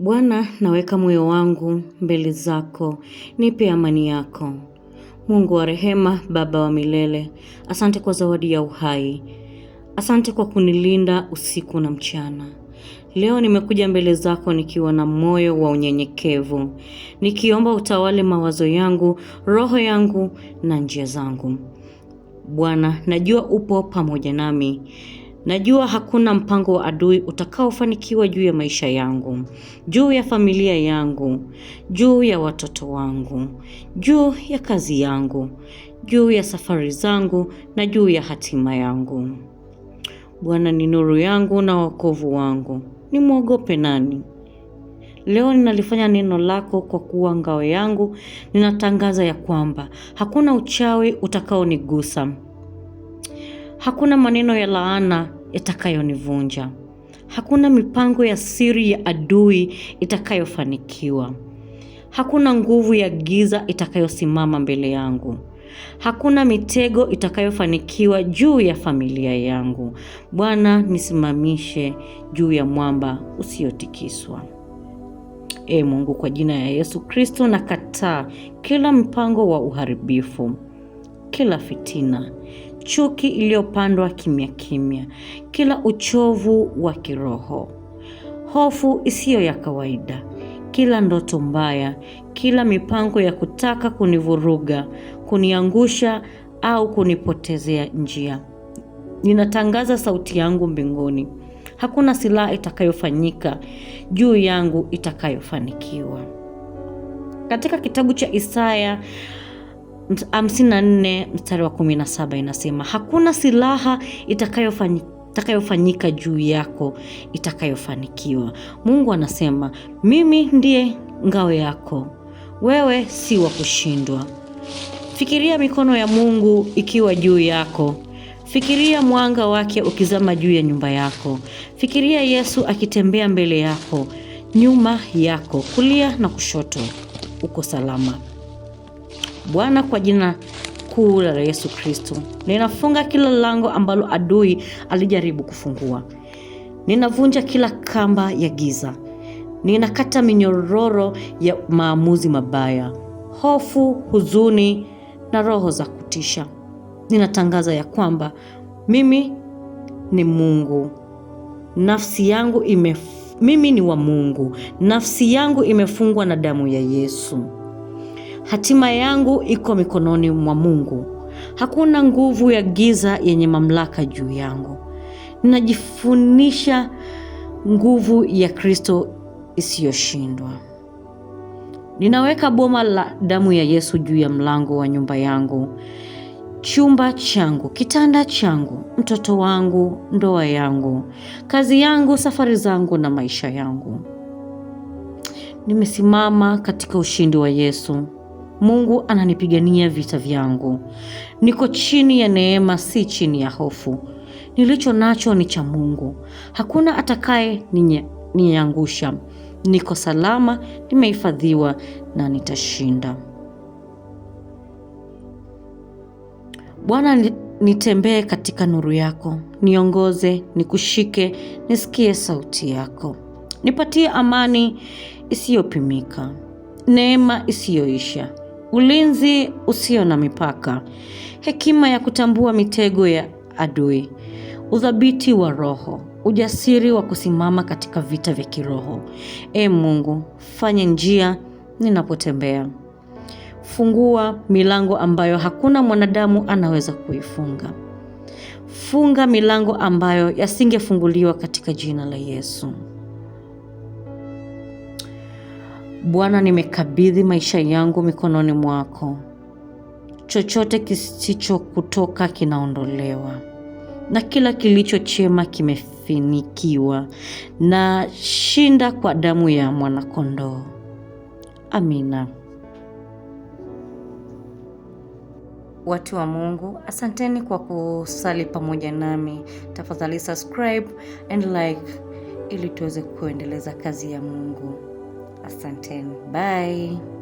Bwana, naweka moyo wangu mbele zako, nipe amani yako. Mungu wa rehema, Baba wa milele, asante kwa zawadi ya uhai, asante kwa kunilinda usiku na mchana. Leo nimekuja mbele zako nikiwa na moyo wa unyenyekevu, nikiomba utawale mawazo yangu, roho yangu na njia zangu. Bwana, najua upo pamoja nami. Najua hakuna mpango wa adui utakaofanikiwa juu ya maisha yangu, juu ya familia yangu, juu ya watoto wangu, juu ya kazi yangu, juu ya safari zangu na juu ya hatima yangu. Bwana ni nuru yangu na wokovu wangu, ni mwogope nani? Leo ninalifanya neno lako kwa kuwa ngao yangu. Ninatangaza ya kwamba hakuna uchawi utakaonigusa. Hakuna maneno ya laana yatakayonivunja. Hakuna mipango ya siri ya adui itakayofanikiwa. Hakuna nguvu ya giza itakayosimama mbele yangu. Hakuna mitego itakayofanikiwa juu ya familia yangu. Bwana, nisimamishe juu ya mwamba usiotikiswa. E Mungu, kwa jina ya Yesu Kristo, nakataa kila mpango wa uharibifu, kila fitina chuki iliyopandwa kimya kimya, kila uchovu wa kiroho, hofu isiyo ya kawaida, kila ndoto mbaya, kila mipango ya kutaka kunivuruga, kuniangusha au kunipotezea njia. Ninatangaza sauti yangu mbinguni. Hakuna silaha itakayofanyika juu yangu itakayofanikiwa. Katika kitabu cha Isaya 54 mstari wa 17 inasema hakuna silaha itakayofanyika itakayofanyika juu yako itakayofanikiwa. Mungu anasema mimi ndiye ngao yako, wewe si wa kushindwa. Fikiria mikono ya Mungu ikiwa juu yako. Fikiria mwanga wake ukizama juu ya nyumba yako. Fikiria Yesu akitembea mbele yako, nyuma yako, kulia na kushoto. Uko salama. Bwana, kwa jina kuu la Yesu Kristo, ninafunga kila lango ambalo adui alijaribu kufungua. Ninavunja kila kamba ya giza. Ninakata minyororo ya maamuzi mabaya, hofu, huzuni na roho za kutisha. Ninatangaza ya kwamba mimi ni Mungu, nafsi yangu ime, mimi ni wa Mungu, nafsi yangu imefungwa na damu ya Yesu. Hatima yangu iko mikononi mwa Mungu. Hakuna nguvu ya giza yenye mamlaka juu yangu. Ninajifunisha nguvu ya Kristo isiyoshindwa. Ninaweka boma la damu ya Yesu juu ya mlango wa nyumba yangu, chumba changu, kitanda changu, mtoto wangu, ndoa yangu, kazi yangu, safari zangu na maisha yangu. Nimesimama katika ushindi wa Yesu. Mungu ananipigania vita vyangu. Niko chini ya neema, si chini ya hofu. Nilicho nacho ni cha Mungu, hakuna atakaye niangusha. Niko salama, nimehifadhiwa na nitashinda. Bwana, nitembee katika nuru yako, niongoze, nikushike, nisikie sauti yako. Nipatie amani isiyopimika, neema isiyoisha ulinzi usio na mipaka, hekima ya kutambua mitego ya adui, uthabiti wa roho, ujasiri wa kusimama katika vita vya kiroho. E Mungu, fanye njia ninapotembea, fungua milango ambayo hakuna mwanadamu anaweza kuifunga. Funga milango ambayo yasingefunguliwa katika jina la Yesu. Bwana, nimekabidhi maisha yangu mikononi mwako. Chochote kisicho kutoka kinaondolewa na kila kilicho chema kimefinikiwa na shinda kwa damu ya mwanakondoo. Amina. Watu wa Mungu, asanteni kwa kusali pamoja nami. Tafadhali subscribe and like ili tuweze kuendeleza kazi ya Mungu. Asanteni, bye.